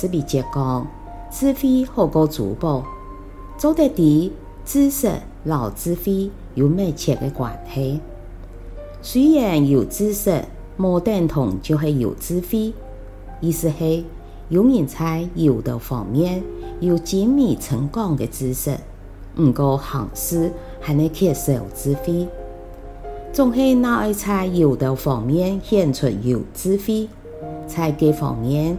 是比越高，智慧後高，逐步做的對知識、老智慧有密切嘅關係。雖然有知識，冇等同就是有智慧。意思係有人在有的方面有精密成功的知識，毋過行事還能開收智慧。總係哪一在有的方面獻出有智慧，在嘅方面。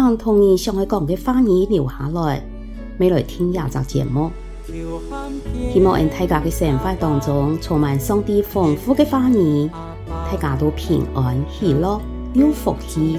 想從你上海港嘅話語留下來，未來聽廿集節目，希望在大家嘅生活當中充滿上帝豐富嘅話語，啊、大家都平安喜樂，有福氣。